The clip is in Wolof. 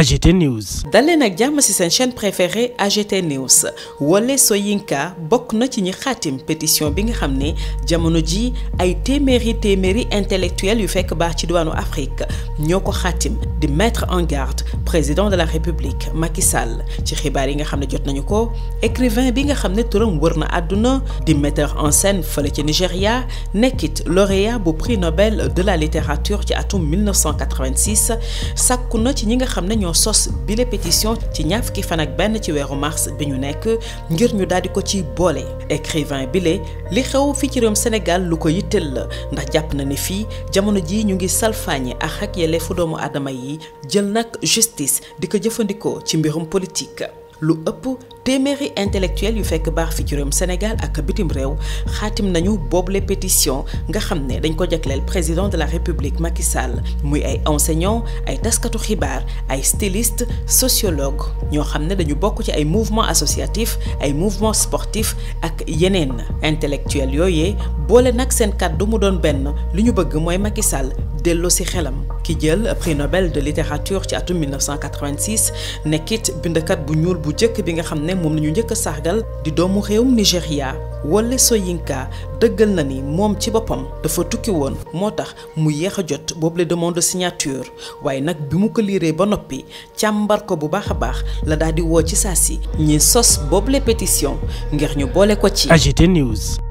AGT News. dalee nag jàmm ci seen chaîne préférée AGT News Wole Soyinka bokk na ci ñi xaatim pétition bi nga xam ne jamono ji ay téeméeri téeméeri intellectuels yu fekk baax ci diwaanu Afrique ñoo ko xaatim di mettre en garde président de la République Macky Sall ci xibaar yi nga xam ne jot nañu ko écrivain bi nga xam ne turam wër na àdduna di metteur en scène fële ci Nigéria nekkit lauréat bu prix Nobel de la littérature ci atum 1986 sàkku na ci ñi nga xam ne ñoo sos bile pétition ci ñaar fukki fan ak benn ci weeru mars bi ñu nekk ngir ñu daal di ko ci boole écrivain bile li xew fii ci réewum Sénégal lu ko yitteel la ndax jàpp na ni fii jamono jii ñu ngi salfaañe ak ak yelleefu doomu aadama yi jël nag justice di ko jëfandikoo ci mbirum politique lu ëpp. téeméeri intellectuel yu fekk baax fi juróom réewum Sénégal ak bitim réew xaatim nañu boobule pétition nga xam ne dañ ko jagleel président de la république Macky Sall muy ay enseignants ay taskatu xibaar ay stylistes sociologues ñoo xam ne dañu bokk ci ay mouvement associatif ay mouvement sportif ak yeneen intellectuel yooyee boole nag seen kàddu mu doon benn li ñu bëgg mooy Macky Sall delloo si xelam ki jël prix Nobel de littérature ci atum 1986 nekkit bindkat bu ñuul bu njëkk bi nga xam ne moom la ñu njëkk a sargal di doomu réewum Nigéria Wole Soyinka dëggal na ni moom ci boppam dafa tukki woon moo tax mu yéex a jot boobu la demande de signature waaye nag bi mu ko liiree ba noppi càmbar ko bu baax a baax la daal di woo ci saa si ñi sos boobu la pétition ngir ñu boole ko ci. AGT News.